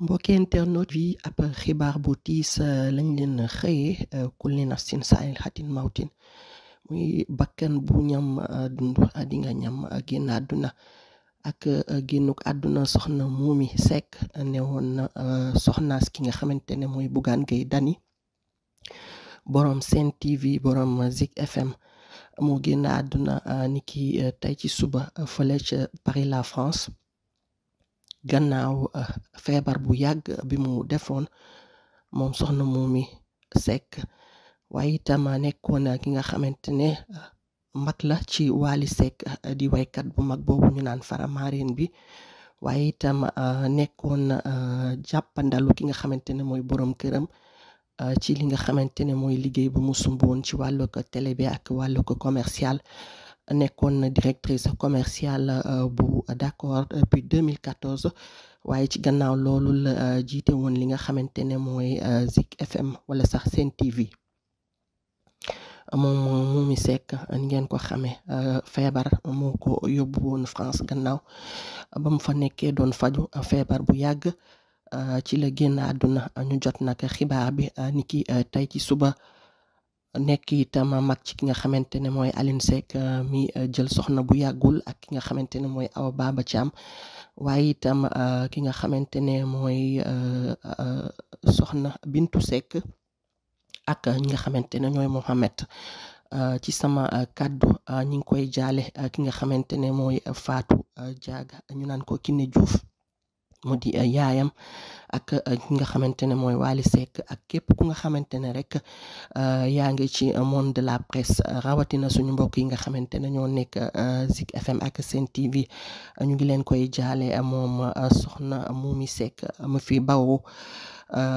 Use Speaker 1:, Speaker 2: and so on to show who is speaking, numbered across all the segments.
Speaker 1: mbokki internet bi ab xibaar bu tiis euh, lañ leen xëyee euh, kulli nafsin saa'ilhatin mawtin muy bakkan bu ñam euh, dund ah, di nga ñam génn àdduna ak génnuk àdduna soxna Momy Seck ne woon na soxnaas ki nga xamante ne mooy Bougane Gueye Dany borom Sen TV borom Zik FM moo génn àdduna ni ki tey ci suba fële Paris la France gannaaw eh, feebar bu yàgg bi mu defoon moom soxna Momy Seck waaye itam nekkoon ki nga xamante ne eh, mag la ci Wally Seck eh, di waykat bu mag boobu ñu naan Faramareen bi waaye itam nekkoon jàppandalu ki nga xamante ne mooy borom këram ci li nga xamante ne mooy liggéey bu mu sumboon ci wàllu ko télé bi ak wàllu ko commercial. nekkoon directrice commerciale euh, bu D'accord depuis 2014 waaye ci gannaaw loolu la euh, jiite woon li nga xamante ne mooy euh, Zik FM wala sax Sen TV moom Momy Seck ni ngeen ko xamee feebar moo ko yóbbu France gannaaw ba mu fa nekkee doon faju feebar bu yàgg ci la génn àdduna ñu jot nag xibaar bi ni ki tey ci suba. nekk itam mag ci ki nga xamante ne mooy Aline Seck euh, mi euh, jël soxna bu yàggul ak ki nga xamante ne mooy Awa Baba Thiam waaye itam euh, ki nga xamante ne mooy soxna Bintu Seck ak ñi nga xamante ne ñooy Mohamed ci sama kàddu ñi ngi koy jaale ki nga xamante ne mooy Fatou Diaga ñu naan ko Kiné juuf mu di eh, yaayam ak eh, ki nga xamante ne mooy wali Seck ak képp ku nga xamante ne rek eh, yaa ngi ci monde de la presse rawatina suñu mbokk yi nga xamante ne ñoo nekk Zik FM ak Sen TV ñu ngi leen koy jaale moom soxna Momy Seck mu fi bawu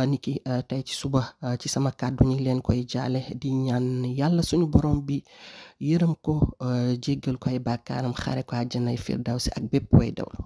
Speaker 1: niki tey ci suba ci sama kaddu ñu ngi leen koy jaale di ñaan yàlla suñu borom bi yërëm ko jéggal ko ay bàkkaaram xaare ko àjjanay firdawsi ak bépp way dawlu